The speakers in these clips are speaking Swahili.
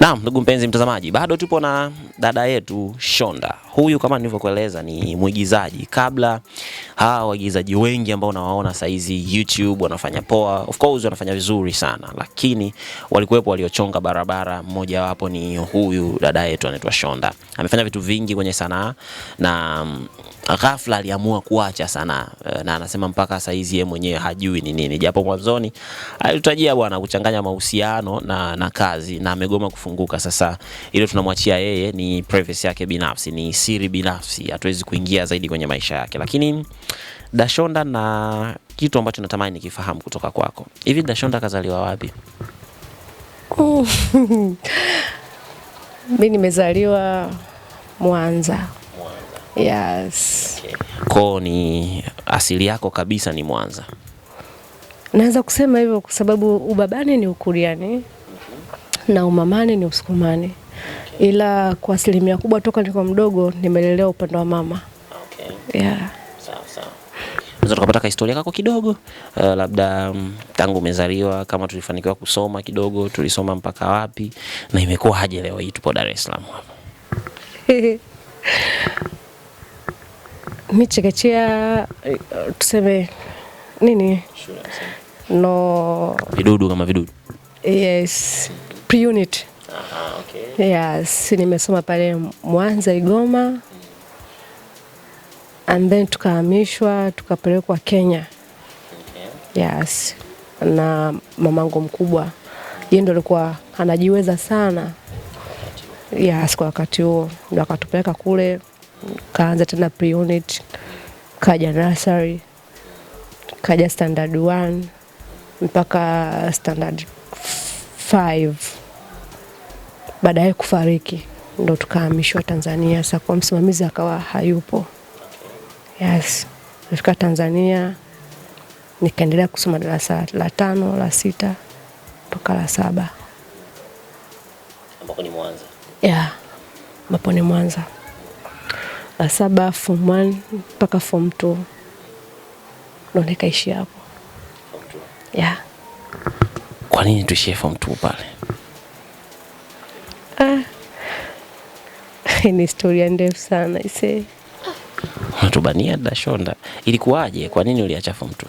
Naam, ndugu mpenzi mtazamaji, bado tupo na dada yetu Shonda. Huyu kama nilivyokueleza ni mwigizaji kabla hawa waigizaji wengi ambao unawaona saizi YouTube wanafanya poa, of course wanafanya vizuri sana, lakini walikuwepo waliochonga barabara. Mmoja wapo ni huyu dada yetu anaitwa Shonda. Amefanya vitu vingi kwenye sanaa na mm, ghafla aliamua kuacha sanaa eh, na anasema mpaka saa hizi yeye mwenyewe hajui ni nini, japo mwanzoni alitutajia bwana kuchanganya mahusiano na, na kazi na amegoma kufunguka. Sasa ile tunamwachia yeye, ni privacy yake binafsi, ni siri binafsi, hatuwezi kuingia zaidi kwenye maisha yake. Lakini Dashonda, na kitu ambacho natamani nikifahamu kutoka kwako, hivi Dashonda kazaliwa wapi? Mi nimezaliwa Mwanza. Yes. Okay. Koo ni asili yako kabisa ni Mwanza. Naweza kusema hivyo kwa sababu ubabani ni Ukuriani mhm. na umamani ni Usukumani okay. Ila kwa asilimia kubwa toka nilikuwa mdogo nimelelewa upande wa mama okay. yeah. sawa sawa. Tunaweza historia yako kidogo uh, labda um, tangu umezaliwa, kama tulifanikiwa kusoma kidogo, tulisoma mpaka wapi na imekuwa haje leo hii tupo Dar es Salaam hapa chekechea eh, tuseme nini no vidudu kama vidudu yes pre unit Aha, okay. yes nimesoma pale Mwanza Igoma and then tukahamishwa tukapelekwa Kenya okay. yes na mamangu mkubwa yeye ndo alikuwa anajiweza sana yes kwa wakati huo ndo akatupeleka kule kaanza tena pre-unit, kaja nursery, kaja standard 1 mpaka standard 5 baadaye kufariki ndo tukahamishwa Tanzania. Sasa kwa msimamizi akawa hayupo. Yes, nifika Tanzania nikaendelea kusoma darasa la tano la sita mpaka la saba ambapo ni Mwanza. Yeah, ambapo ni Mwanza saba form one mpaka form two ndo nikaishi hapo yeah. Kwa nini tuishie form two pale? Ah, ni historia ndefu sana ise. Unatubania Dashonda, ilikuwaje? Kwa nini uliacha form two?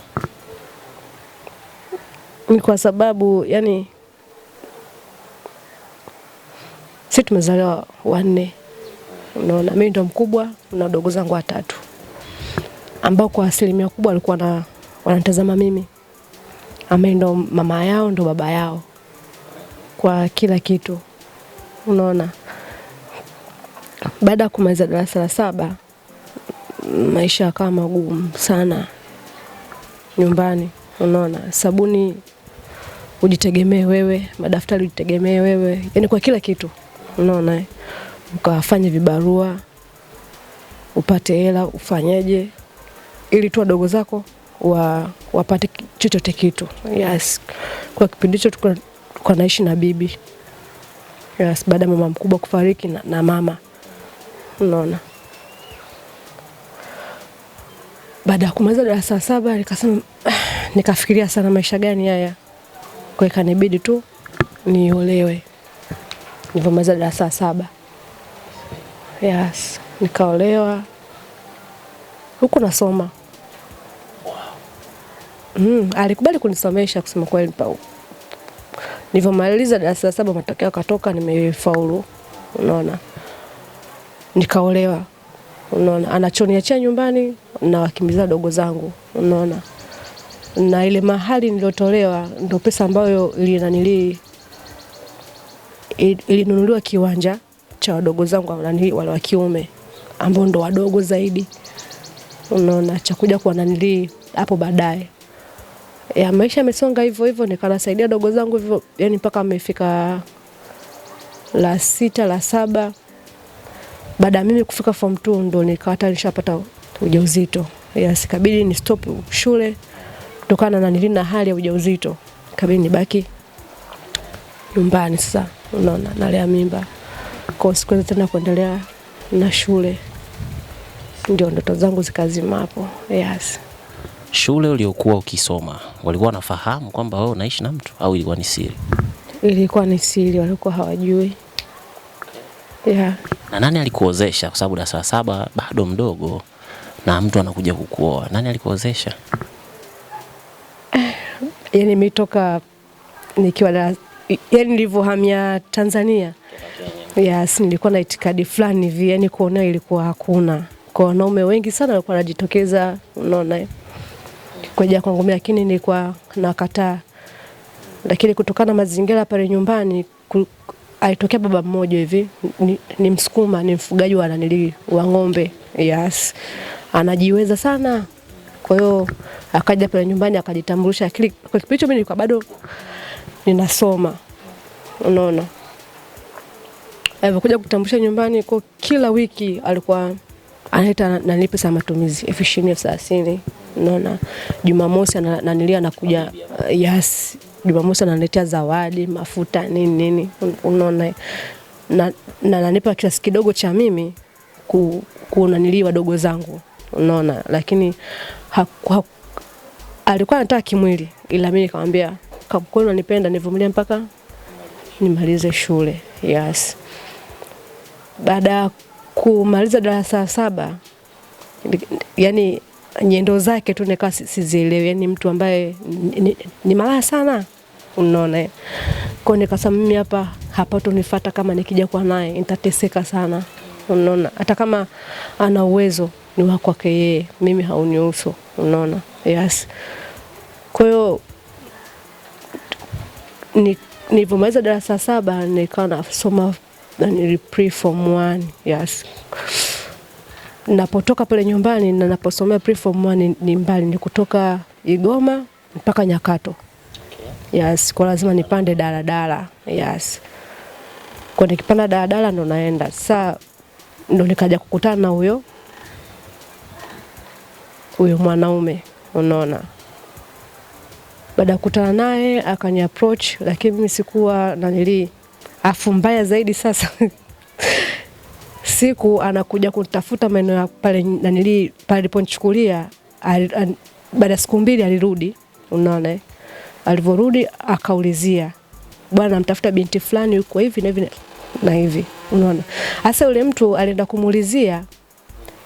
Ni kwa sababu yani si tumezaliwa wanne Unaona, mimi ndo mkubwa na wadogo zangu watatu ambao kwa asilimia kubwa walikuwa na wanatazama mimi, ambaye ndo mama yao ndo baba yao kwa kila kitu. Unaona, baada ya kumaliza darasa la saba maisha yakawa magumu sana nyumbani. Unaona, sabuni ujitegemee wewe, madaftari ujitegemee wewe, yani kwa kila kitu. Unaona ukawafanye vibarua upate hela ufanyeje, ili tu wadogo zako wa, wapate chochote kitu. Yes, kwa kipindi hicho tulikuwa naishi na bibi yes, baada ya mama mkubwa kufariki na, na mama unaona. Baada ya kumaliza darasa saba nikasema, nikafikiria sana maisha gani haya, kwa ikanibidi tu niolewe nilivyomaliza darasa saba. Yes, nikaolewa huku nasoma. Wow. Mm, alikubali kunisomesha kusema kweli, nilivyomaliza darasa la saba matokeo akatoka, nimefaulu. Unaona, nikaolewa. Unaona, anachoniachia nyumbani na wakimbiza dogo zangu, unaona, na ile mahali niliotolewa ndo pesa ambayo ilinanilii ilinunuliwa kiwanja cha wadogo zangu wale wa kiume ambao ndo wadogo zaidi, unaona cha kuja kwa nanili hapo baadaye. Ya maisha yamesonga hivyo hivyo, nikanasaidia dogo zangu hivyo, yani mpaka amefika la sita la saba. Baada mimi kufika form 2 ndo nikawata nishapata ujauzito. Yes, kabidi ni stop shule kutokana na nilina hali ya ujauzito, kabidi nibaki nyumbani. Sasa unaona nalea mimba kwa sikuweza tena kuendelea na shule, ndio ndoto zangu zikazima hapo. Yes. Shule uliokuwa ukisoma walikuwa wanafahamu kwamba wewe unaishi na mtu au ilikuwa ni siri? Ilikuwa ni siri, walikuwa hawajui. Yeah. Na nani alikuozesha? Kwa sababu darasa la saba bado mdogo na mtu anakuja kukuoa, nani alikuozesha? Yani mitoka nikiwa da, yaani nilivyohamia Tanzania Yes, nilikuwa na itikadi fulani hivi, yani kuonewa ilikuwa hakuna. Kwa wanaume wengi sana walikuwa wanajitokeza, unaona kuja kwangu mimi, lakini nilikuwa nakataa. Lakini kutokana mazingira pale nyumbani alitokea baba mmoja hivi ni, ni Msukuma, ni mfugaji wa nanili wa ng'ombe. Yes, anajiweza sana. Kwa hiyo akaja pale nyumbani akajitambulisha, lakini kwa kipindi hicho mimi nilikuwa bado ninasoma, unaona Alivyokuja kutambulisha nyumbani kwa kila wiki alikuwa analeta nanipe saa matumizi elfu ishirini elfu thelathini naona. Jumamosi ananilia anakuja, uh, yes, Jumamosi ananiletea zawadi, mafuta, nini nini, unaona na nanipa kiasi kidogo cha mimi ku, kunanilii wadogo zangu unaona, lakini ha, ha, alikuwa anataka kimwili, ila mimi nikamwambia kwa kweli unanipenda nivumilie mpaka nimalize shule. Yes baada ya kumaliza darasa saba, yani nyendo zake tu nikawa sizielewi, yani mtu ambaye ni, ni, ni malaya sana, unaona. Kwa nikasema mimi hapa hapa tunifuata, kama nikija kwa naye nitateseka sana, unaona. Hata kama ana uwezo ni wa kwake yeye, mimi haunihusu, unaona. Yes, kwa hiyo nilivyomaliza darasa saba nikawa nasoma na nilipre form 1 yes. Napotoka pale nyumbani na naposomea pre form 1 ni mbali, ni kutoka Igoma mpaka Nyakato yes, kwa lazima nipande daladala yes. Kwa nikipanda daladala ndo naenda saa, ndo nikaja kukutana na huyo huyo mwanaume unaona. Baada ya kukutana naye akani approach, lakini mimi sikuwa nanilii Afu mbaya zaidi sasa siku anakuja kutafuta maeneo ya pale nanili pale aliponichukulia baada ya siku mbili alirudi, unaona, eh? alivyorudi akaulizia, bwana, namtafuta binti fulani yuko hivi na hivi na hivi, unaona. Hasa yule mtu alienda kumuulizia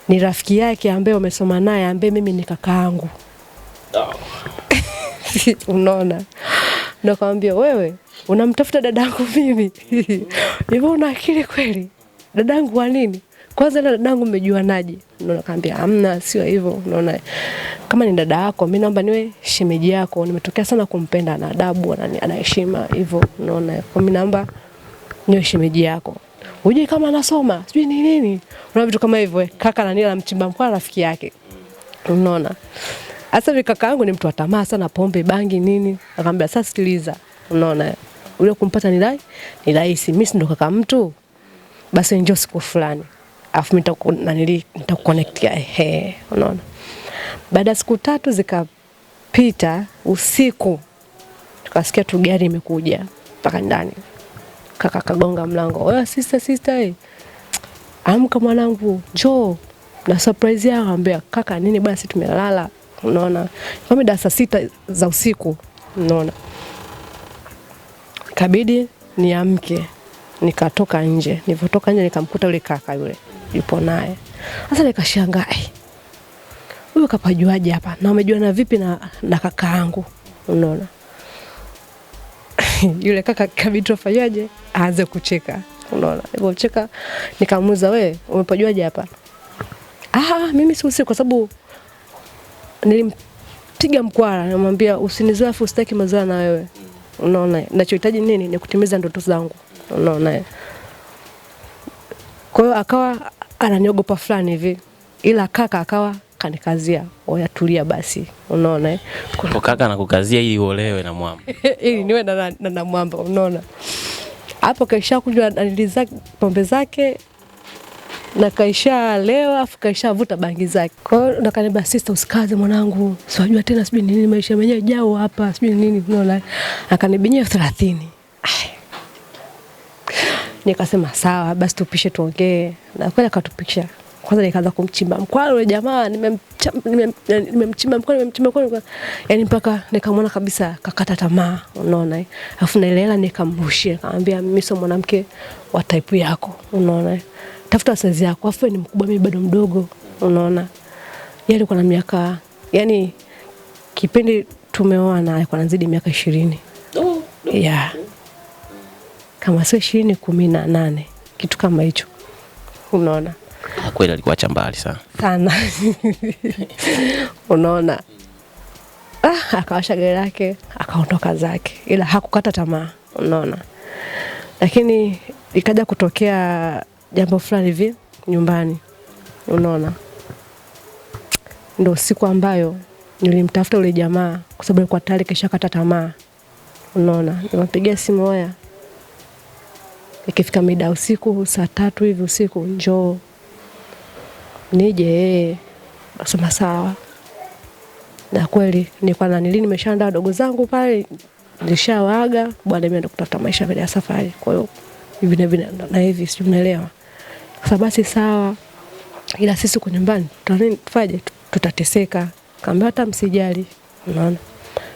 ni rafiki yake ambaye umesoma naye ambaye mimi ni kakaangu, oh. unaona, ndo kawambia wewe unamtafuta dadangu mimi hivyo una akili kweli? Dadangu wa nini? Kwanza na dadangu mmejuanaje? Naona kaambia hamna, sio hivyo. Naona kama ni dada yako, mimi naomba niwe shemeji yako. Nimetokea sana kumpenda na adabu anaheshima hivyo. Naona kwa mimi naomba niwe shemeji yako. Uje kama anasoma, sijui ni nini. una vitu kama hivyo. Eh, kaka nani la mchimba mkwa rafiki yake. Unaona. Sasa kaka yangu ni mtu wa tamaa sana, pombe, bangi, nini. akaambia sasa sikiliza. Unaona ule kumpata ni rai ni rahisi. Mimi si ndo kaka mtu, basi njoo siku fulani, afu mimi nitakuwa nani, nitakuconnect. Ehe, unaona. Baada siku tatu zikapita, usiku tukasikia tu gari imekuja mpaka ndani, kaka kagonga mlango, wewe sister, sister, eh, amka mwanangu, njoo na surprise yao. Ambea kaka nini, basi tumelala, unaona, kama saa sita za usiku, unaona kabidi niamke, nikatoka nje. Nilipotoka nje nikamkuta yule kaka yule yupo naye. Sasa nikashangaa, huyu kapajuaje hapa na amejuana vipi na, na kaka yangu? Unaona yule kaka kabidi tufanyaje? Aanze kucheka, unaona hivyo cheka. Nikamuuliza, wewe umepajuaje hapa? Ah, mimi si siusi kwa sababu nilimpiga mkwara, namwambia usinizoe afu sitaki mazoea na wewe unaona, nachohitaji nini ni kutimiza ndoto zangu, unaona. Kwa hiyo akawa ananiogopa fulani hivi, ila kaka akawa kanikazia, wayatulia basi, unaona. Kwa kaka anakukazia ili uolewe na mwamba ili niwe na, na, na, na mwamba, unaona. Hapo kaisha kunywa pombe zake na kaisha leo afu kaisha vuta bangi zake. Kwa hiyo ndo kaniambia, sista, usikaze mwanangu, siwajua tena sijui nini maisha yenyewe jao hapa sijui nini unaona. Akanibinyia 30. Nikasema sawa basi tupishe tuongee. Na kweli akatupisha. Kwanza nikaanza kumchimba mkwara yule jamaa, nimemchimba mkwara, nimemchimba mkwara, yani mpaka nikamwona kabisa kakata tamaa, unaona eh. Alafu Afu na ile hela nikamrushia, nikamwambia mimi sio mwanamke wa type yako, unaona eh tafuta wazazi yako, afu ni mkubwa, mimi bado mdogo. Unaona, yeye alikuwa na miaka yani, kipindi tumeoana alikuwa anazidi miaka ishirini yeah. Oh, kama sio ishirini, kumi na nane kitu kama hicho, unaona ah, kweli alikuwa mbali sana sana unaona. Ah, akawasha gari lake akaondoka zake, ila hakukata tamaa, unaona. Lakini ikaja kutokea jambo fulani hivi nyumbani, unaona. Ndo siku ambayo nilimtafuta yule jamaa, kwa sababu alikuwa tayari keshakata tamaa, unaona. Nikampigia simu, oya, ikifika mida usiku saa tatu hivi usiku njoo nije. Ee. Nasema sawa, na kweli nilikuwa na nili nimeshaandaa dogo zangu pale, nishawaga bwana, mimi ndo kutafuta maisha mbele ya safari, kwa hiyo hivi na hivi na hivi, sasa basi sawa, ila sisi kwa nyumbani tufaje? Tutateseka. Kaambia hata msijali, unaona.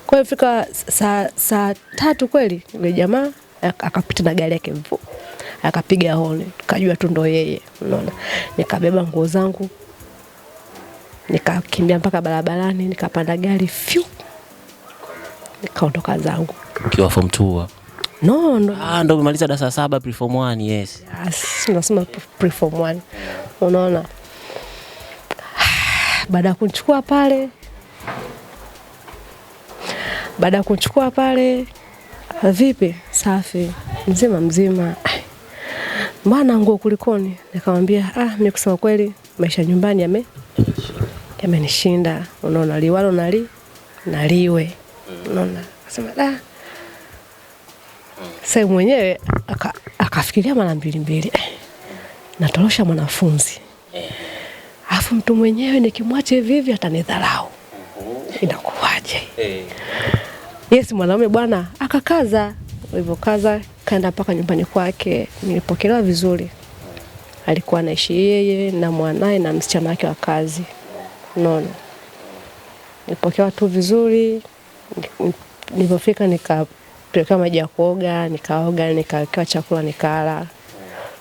Kwa hiyo fika saa saa tatu kweli yule jamaa akapita na gari yake mvu akapiga honi, kajua tu ndo yeye, unaona. Nikabeba nguo zangu nikakimbia mpaka barabarani, nikapanda gari fyu, nikaondoka zangu. Ukiwa form 2 No, no. Ah, ndo umemaliza darasa saba preform 1 yes. Yes, preform 1. Unaona? Baada ya kunichukua pale baada ya kuchukua pale, vipi? Safi, mzima mzima. Mbona nguo kulikoni? Nikamwambia ah, mimi kusema kweli maisha nyumbani yame yamenishinda. Unaona, liwalo nali naliwe. Unaona? Akasema ah, sasa mwenyewe akafikiria aka mara mbili mbili, natorosha mwanafunzi alafu mtu mwenyewe nikimwacha hivi hivi atanidharau, inakuwaje? Eh. Yes, mwanaume bwana akakaza. Alivyokaza kaenda mpaka nyumbani kwake, nilipokelewa vizuri. Alikuwa anaishi yeye na mwanaye na msichana wake wa kazi, nono, Nilipokelewa tu vizuri, nilipofika nika tuliwekewa maji ya kuoga, nikaoga, nikawekewa chakula nikala.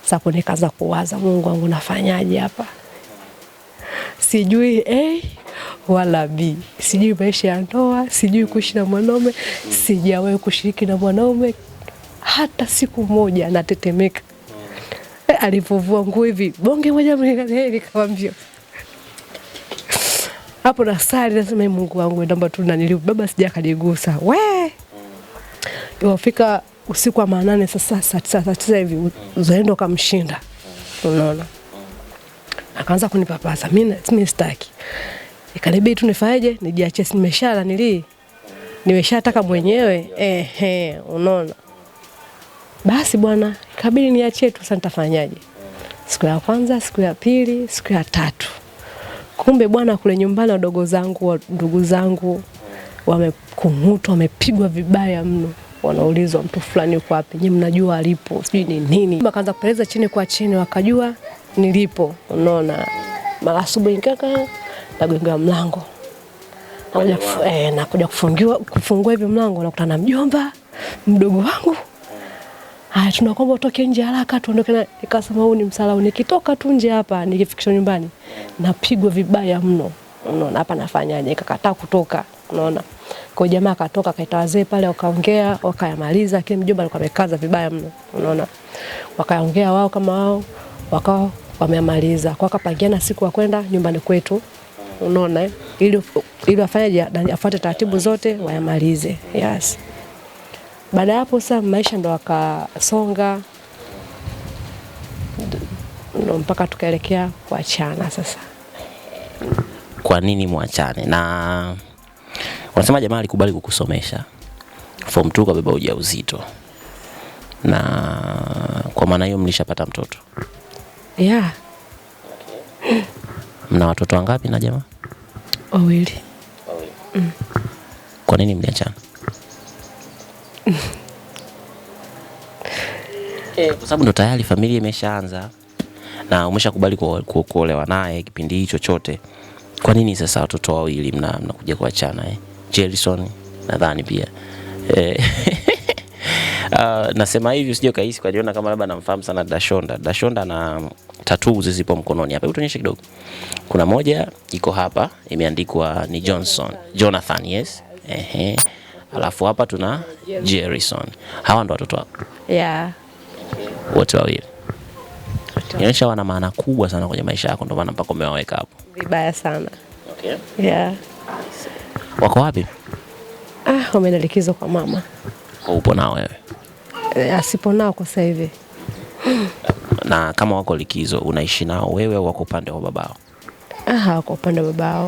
Sapo nikaanza kuwaza, Mungu wangu, nafanyaje hapa? Sijui A wala B, sijui maisha ya ndoa, sijui kuishi na mwanaume, sijawahi kushiriki na mwanaume hata siku moja. Natetemeka e, alipovua nguo hivi, bonge moja e, nikamwambia hapo na sali, nasema Mungu wangu, naomba tu nanilibaba, baba, sija kanigusa we wafika usiku wa manane, sasa saa tisa saa tisa hivi uzaenda ukamshinda, unaona, akaanza kunipapaza mimi, sitaki. Ikanibidi tu nifanyeje, nijiachie, nimeshala nilii, nimeshataka mwenyewe eh, eh, unaona. Basi bwana, ikabidi niachie tu, sasa nitafanyaje? Siku ya kwanza, siku ya pili, siku ya tatu, kumbe bwana, kule nyumbani wadogo zangu, ndugu zangu wamekung'utwa, wamepigwa vibaya mno wanaulizwa mtu fulani yuko wapi, nyinyi mnajua alipo, sijui ni nini. Wakaanza kupeleza chini kwa chini, wakajua nilipo. Unaona, mara asubuhi kaka nagonga mlango nakuja kufu, eh, nakuja kufungiwa kufungua hivi mlango nakutana na mjomba mdogo wangu. Haya, tunakomba utoke nje haraka tuondoke na. Nikasema huu ni msalau, nikitoka tu nje hapa nikifikishwa nyumbani napigwa vibaya mno. Unaona hapa nafanyaje? Kakataa kutoka, unaona kwa jamaa akatoka akaita wazee pale wakaongea, wakayamaliza, lakini mjomba alikuwa amekaza vibaya mno, unaona. Wakaongea wao kama wao, wakao wamemaliza. Kwa kapangiana siku ya kwenda nyumbani kwetu. Unaona eh? Ili ili afanye afuate taratibu zote wayamalize. Yes. Baada ya hapo sasa maisha ndo akasonga mpaka tukaelekea kuachana sasa. Kwa nini mwachane na wanasema jamaa alikubali kukusomesha form 2 kabeba ujauzito, na kwa maana hiyo mlishapata mtoto yeah. mna watoto wangapi na jamaa? Wawili. Mm. Kwa nini mliachana? Eh, kwa sababu ndo tayari familia imeshaanza na umeshakubali kuolewa naye kipindi hicho chote. Kwa nini sasa watoto wawili mnakuja mna kuachana eh? Jerison nadhani pia e, Uh, nasema hivi usije kaisi kwa jiona kama labda namfahamu sana Dashonda. Dashonda na tatuu zipo mkononi hapa. Tuonyeshe kidogo. Kuna moja iko hapa imeandikwa ni Johnson, Jonathan, yes. Ehe. Alafu hapa tuna Jerison. Hawa ndo watoto wako. Yeah. Wote wawili. Inaonyesha wana maana kubwa sana kwenye maisha yako, ndio maana mpaka umewaweka hapo. Vibaya sana. Okay. Yeah. Wako wapi? Ah, wameenda likizo kwa mama. Upo nao wewe? Eh, asipo nao kwa sasa hivi. Na kama wako likizo unaishi nao wewe au wako upande wa babao? Ah, wako upande wa babao.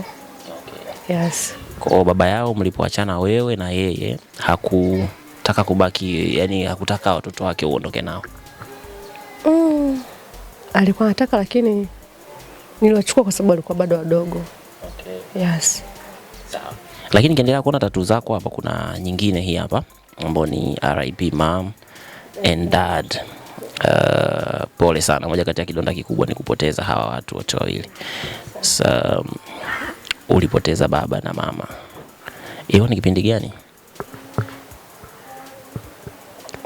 Okay. Yes. Kwa baba yao mlipoachana wewe na yeye hakutaka kubaki, yani hakutaka watoto wake uondoke nao? Mm, alikuwa anataka lakini niliwachukua kwa sababu alikuwa bado wadogo. Okay. Yes. Sawa. Lakini kiendelea kuona tatu zako hapa, kuna nyingine hii hapa ambayo ni RIP mom and dad. Uh, pole sana, moja kati ya kidonda kikubwa ni kupoteza hawa watu wote wawili. So, ulipoteza baba na mama. Hiyo ni kipindi gani?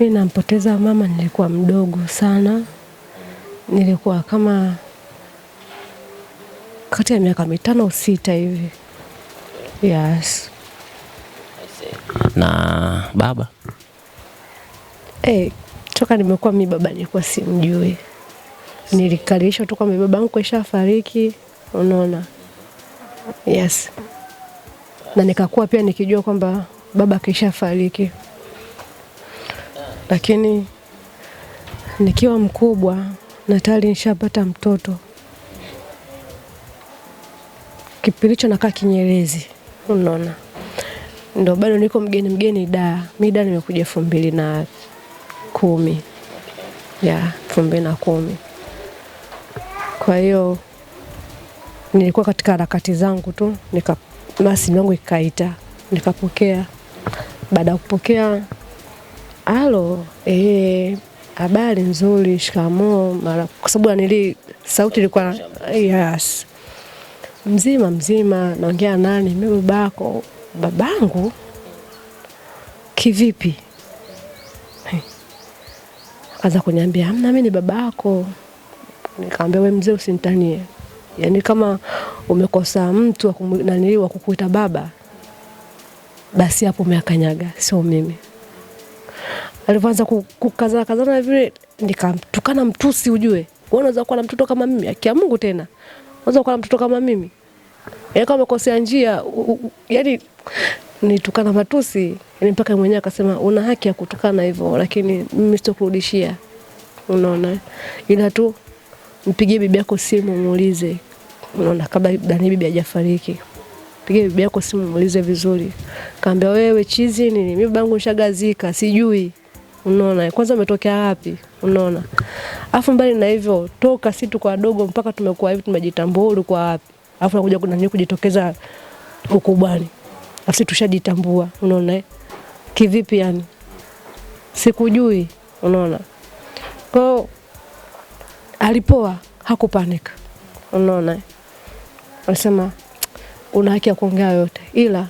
Mi nampoteza mama nilikuwa mdogo sana, nilikuwa kama kati ya miaka mitano sita hivi. Yes. Na baba hey, eh, toka nimekuwa mi baba nilikuwa simjui, nilikalishwa tu kwamba baba yangu kaisha unaona. Yes, na nikakuwa pia nikijua kwamba baba kishafariki, lakini nikiwa mkubwa na tayari nishapata mtoto, kipilicho nakaa kinyerezi unaona, ndo bado niko mgeni mgeni da mi nimekuja elfu mbili na kumi ya elfu mbili na kumi kwa hiyo nilikuwa katika harakati zangu tu, nika simu yangu ikaita, nikapokea. Baada ya kupokea, halo, habari eh, habari nzuri, shikamoo, mara kwa sababu anili sauti ilikuwa yes Mzima mzima, naongea nani? Mi babako. Babangu kivipi? Akaanza kuniambia amna mi ni babako. nikaambia we mzee, usinitanie. Yaani kama umekosa mtu nanili wa kukuita baba, basi hapo umeakanyaga, sio mimi. Alivyoanza kukazana kazana vile, nikamtukana mtusi, ujue wewe kuwa na mtoto kama mimi. Akia Mungu tena unaweza kuwa na mtoto kama mimi? Yaani kama umekosea njia, yaani nitukana matusi, yaani mpaka mwenyewe akasema una haki ya kutukana hivyo, lakini mimi sitokurudishia. Unaona, ila tu mpigie bibi yako simu muulize, unaona, kabla Dani bibi hajafariki Pigie bibi yako simu muulize vizuri. Kaambia wewe chizi nini? Mimi babangu nishagazika, sijui. Unaona? Kwanza umetokea wapi? Unaona? Afu mbali na hivyo, toka si tuko wadogo mpaka tumekuwa hivi, tumejitambua ulikuwa wapi? Afu nakuja kuna kujitokeza ukubwani, afu tushajitambua, unaona eh? kivipi? Yani sikujui, unaona kwao. Alipoa hakupanika, unaona eh? alisema una haki ya kuongea yote, ila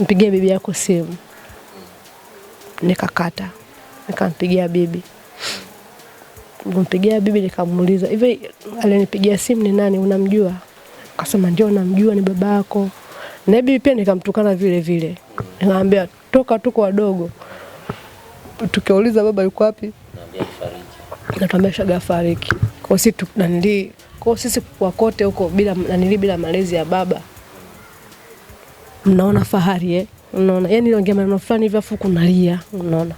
mpigie bibi yako simu. Nikakata, nikampigia bibi Nikampigia bibi nikamuuliza, hivi alinipigia simu ni nani unamjua? Akasema ndio namjua, ni baba yako. Na bibi pia nikamtukana vile vile, nikamwambia toka tuko wadogo. Tukiuliza baba yuko wapi, natuambia shaga fariki. Kwa sisi tunanili kwa sisi kwa kote huko bila nanili bila malezi ya baba, mnaona fahari eh? Unaona, yani niongea maneno fulani hivi afu kunalia, unaona,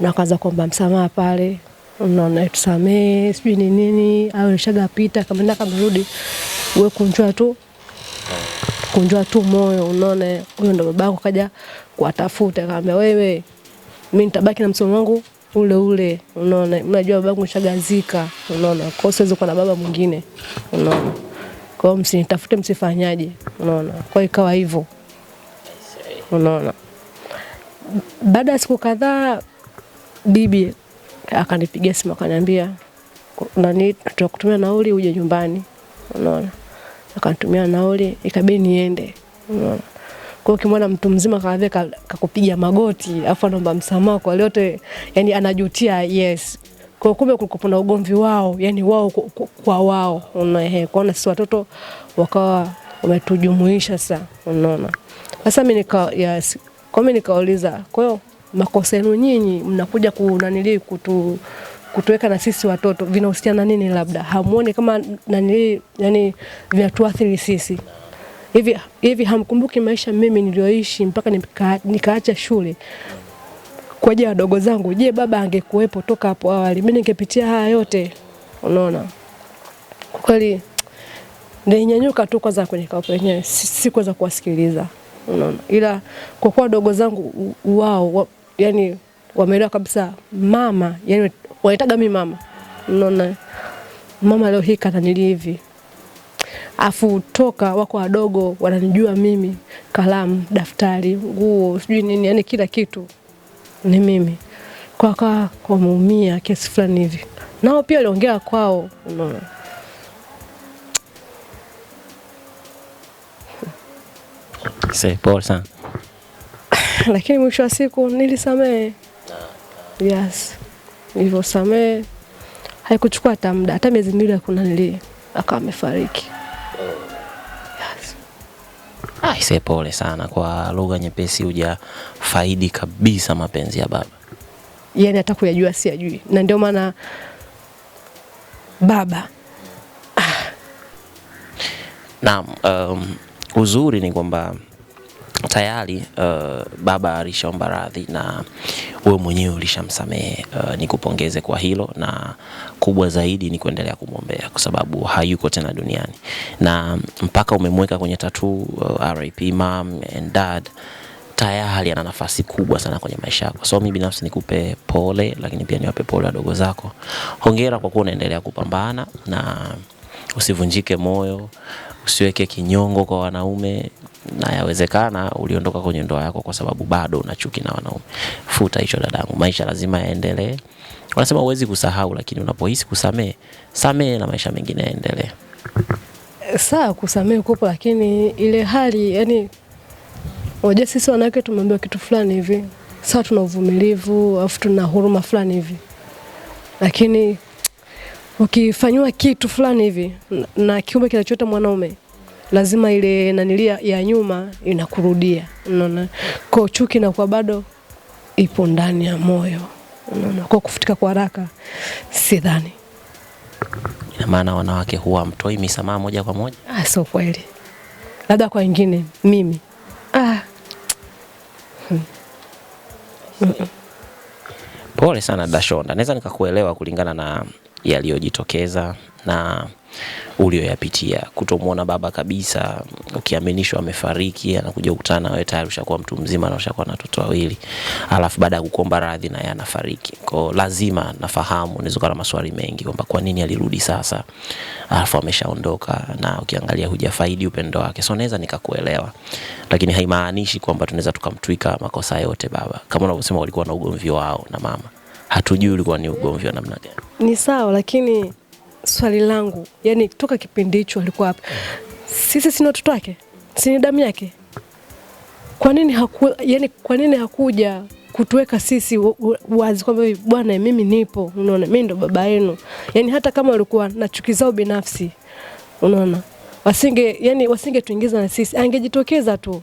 na kwanza kuomba msamaha pale unaona tusamee, sijui ni nini, au ishagapita kamenda kamerudi, we kunjwa tu kunjwa tu moyo, unaona. Huyo ndo babako kaja kuwatafuta, kaambia wewe, mi nitabaki na msomo wangu ule ule, unaona. Mnajua babangu shagazika, unaona, kwao siwezi kuwa na baba mwingine, unaona, kwao msinitafute, msifanyaje, unaona. Kwao ikawa hivyo, unaona. Baada ya siku kadhaa bibi akanipigia simu akaniambia nani, tutakutumia nauli uje nyumbani, unaona. Akanitumia nauli, ikabidi niende, unaona. Kwa hiyo kimwana mtu mzima kadhaa kakupiga magoti, afu anaomba msamaha kwa yote, yani anajutia, yes. Kwa kumbe kulikuwa na ugomvi wao, yani wao kwa wao, unaona. Kwa hiyo sisi watoto wakawa wametujumuisha sasa, unaona. Sasa mimi nika yes, kwa mimi nikauliza, kwa hiyo makosa yenu nyinyi mnakuja kunanili kutu kutuweka na sisi watoto vinahusiana nini? Labda hamuoni kama nani, yani vinatuathiri sisi hivi hivi? Hamkumbuki maisha mimi niliyoishi mpaka nika, nikaacha shule kwa ajili ya wadogo zangu? Je, baba angekuwepo toka hapo awali, mimi ningepitia haya yote? Unaona, kwa kweli nilinyanyuka tu kwanza kwenye kapo wenyewe, sikuweza kuwasikiliza, unaona, ila kwa kuwa wadogo zangu wao yani wameelewa kabisa mama, yani wanaitaga mi mama, unaona mama leo hii kananili hivi, afu toka wako wadogo wananijua mimi, kalamu, daftari, nguo, sijui nini, yani kila kitu ni mimi kwa kwa wameumia kiasi fulani hivi, nao pia waliongea kwao, unaona Pole sana. lakini mwisho wa siku nilisamehe. Yes, nilivyosamehe haikuchukua hata muda, hata miezi miwili hakuna, nili akawa amefariki. Ah, pole sana, kwa lugha nyepesi hujafaidi kabisa mapenzi ya baba, yaani hata kuyajua ajui, na ndio maana baba ah. Naam, um, uzuri ni kwamba tayari uh, baba alishaomba radhi na wewe mwenyewe ulishamsamehe. Uh, nikupongeze kwa hilo, na kubwa zaidi ni kuendelea kumwombea kwa sababu hayuko tena duniani, na mpaka umemweka kwenye tatu uh, RIP mom and dad tayari ana nafasi kubwa sana kwenye maisha yako. So mimi binafsi nikupe pole, lakini pia niwape pole wadogo zako. Hongera kwa kuwa unaendelea kupambana na usivunjike moyo usiweke kinyongo kwa wanaume, na yawezekana uliondoka kwenye ndoa yako kwa sababu bado una chuki na wanaume. Futa hicho dadangu, maisha lazima yaendelee. Wanasema huwezi kusahau, lakini unapohisi kusamehe, samehe na maisha mengine yaendelee. Sawa, kusamehe kupo, lakini ile hali yani, unajua sisi wanawake tumeambiwa kitu fulani hivi, sawa, tuna uvumilivu afu tuna huruma fulani hivi, lakini ukifanyiwa kitu fulani hivi na kiumbe kinachota mwanaume lazima ile nanilia ya nyuma inakurudia, unaona. Kwa chuki na kwa bado ipo ndani ya moyo, unaona. Kwa kufutika kwa haraka sidhani. Ina maana wanawake huwa mtoi misamaha moja kwa moja? Ah, sio kweli, labda kwa wengine. Mimi ah. hmm. Pole sana Dashonda, naweza nikakuelewa kulingana na yaliyojitokeza na ulioyapitia, kutomwona baba kabisa, ukiaminishwa amefariki, anakuja kukutana na wewe, tayari ushakuwa mtu mzima na ushakuwa na watoto wawili, alafu baada ya kukuomba radhi na yeye anafariki. Kwa lazima nafahamu unaweza kuwa na maswali mengi kwamba kwa nini alirudi sasa, alafu ameshaondoka, na ukiangalia hujafaidi upendo wake. So naweza nikakuelewa, lakini haimaanishi kwamba tunaweza tukamtwika makosa yote baba. Kama unavyosema, walikuwa na ugomvi wao na mama hatujui ulikuwa ni ugomvi wa namna gani. Ni sawa, lakini swali langu yani, toka kipindi hicho alikuwa hapa, sisi sina watoto wake, sini damu yake, kwa nini haku, yani, kwa nini hakuja kutuweka sisi wazi kwamba bwana, mimi nipo, unaona, mimi ndo baba yenu. Yani hata kama walikuwa na chuki zao binafsi, unaona, wasinge yani, wasingetuingiza na sisi, angejitokeza tu,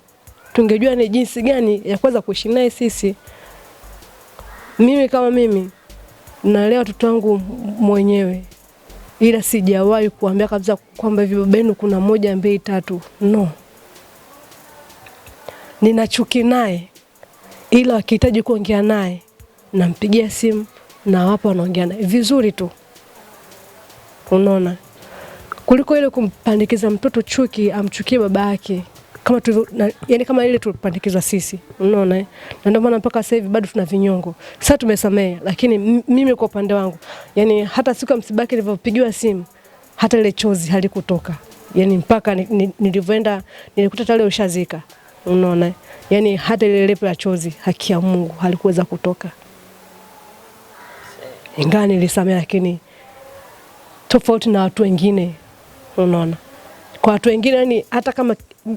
tungejua ni jinsi gani ya kuweza kuishi naye sisi. Mimi kama mimi nalea watoto wangu mwenyewe, ila sijawahi kuambia kabisa kwamba hivi baba yenu kuna moja mbili tatu, no. Nina chuki naye, ila wakihitaji kuongea naye nampigia simu na wapo wanaongea naye vizuri tu, unaona, kuliko ile kumpandikiza mtoto chuki amchukie baba yake kama tulivyo yani, kama ile tulipandikizwa sisi, unaona eh, na ndio maana mpaka sasa hivi bado tuna vinyongo. Sasa tumesamea, lakini mimi kwa upande wangu, yani hata siku ya msibaki nilipopigiwa simu, hata ile chozi halikutoka yani, mpaka nilivyoenda nilikuta tayari ushazika, unaona yani, hata ile lepo ya chozi, haki ya Mungu, halikuweza kutoka, ingawa nilisamea, lakini tofauti na watu wengine, unaona kwa watu wengine yani, hata kama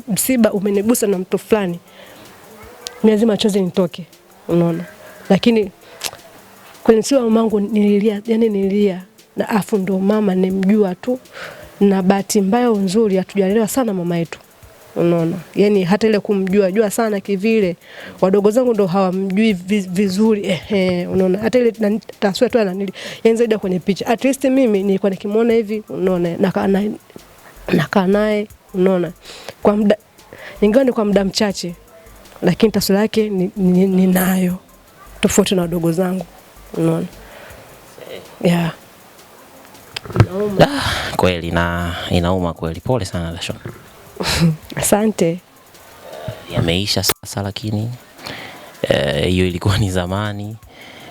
msiba umenigusa na mtu fulani, ni lazima chozi nitoke, unaona. Lakini kwenye msiba mamangu nililia, yani nililia, na afu ndo mama nimjua tu, na bahati mbaya nzuri hatujalelewa sana mama yetu unaona yani, hata ile kumjua jua sana kivile, wadogo zangu ndo hawamjui vizuri ehe. unaona hata ile taswira tu ananili yani zaidi kwenye picha. At least mimi nilikuwa nikimuona hivi, unaona nakaa naye unaona, kwa muda ingawa ni kwa muda mchache, lakini taswira yake ninayo ni, ni tofauti na wadogo zangu, unaona yeah. Ah, kweli na inauma kweli, pole sana Dashona. Asante. Yameisha sasa, lakini eh, hiyo e, ilikuwa ni zamani.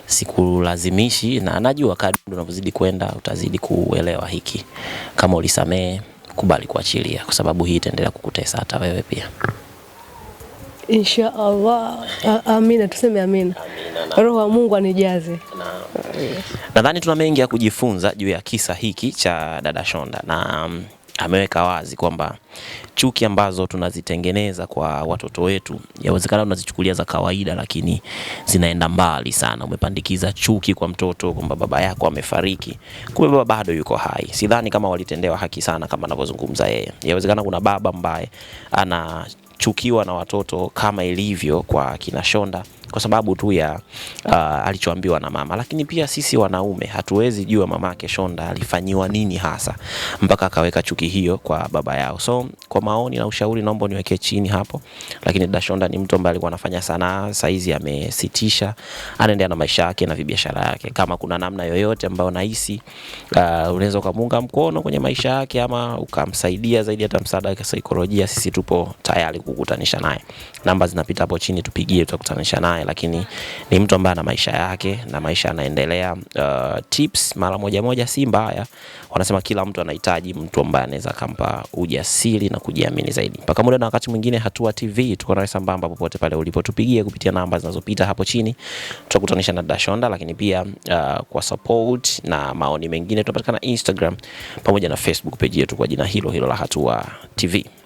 Sikulazimishi na najua kadri unavyozidi kwenda utazidi kuelewa hiki. Kama ulisamee kubali kuachilia, kwa sababu hii itaendelea kukutesa hata wewe pia. Inshallah, Amina, tuseme amina. Roho ya Mungu anijaze. Nadhani tuna mengi ya kujifunza juu ya kisa hiki cha dada Shonda na ameweka wazi kwamba chuki ambazo tunazitengeneza kwa watoto wetu yawezekana unazichukulia za kawaida, lakini zinaenda mbali sana. Umepandikiza chuki kwa mtoto kwamba baba yako amefariki, kumbe baba bado yuko hai. Sidhani kama walitendewa haki sana kama anavyozungumza yeye. Yawezekana kuna baba ambaye anachukiwa na watoto kama ilivyo kwa kina Shonda kwa sababu tu ya uh, alichoambiwa na mama. Lakini pia sisi wanaume hatuwezi jua mamake Shonda alifanyiwa nini hasa mpaka akaweka chuki hiyo kwa baba yao. So kwa maoni na ushauri, naomba niweke chini hapo. Lakini dada Shonda ni mtu ambaye alikuwa anafanya sanaa, saizi amesitisha, anaendelea na maisha yake na biashara yake. Kama kuna namna yoyote ambayo nahisi uh, unaweza ukamuunga mkono kwenye maisha yake ama ukamsaidia zaidi, hata msaada wa saikolojia, sisi tupo tayari kukutanisha naye. Namba zinapita hapo chini, tupigie, tutakutanisha naye naye, lakini ni mtu ambaye ana maisha yake na maisha anaendelea. Uh, tips mara moja moja si mbaya. Wanasema kila mtu anahitaji mtu ambaye anaweza kampa ujasiri na kujiamini zaidi. Mpaka muda na wakati mwingine, Hatua TV tuko nawe sambamba popote pale ulipotupigia kupitia namba zinazopita hapo chini, tutakutanisha na Dashonda, lakini pia uh, kwa support na maoni mengine tunapatikana Instagram pamoja na Facebook page yetu kwa jina hilo hilo la Hatua TV.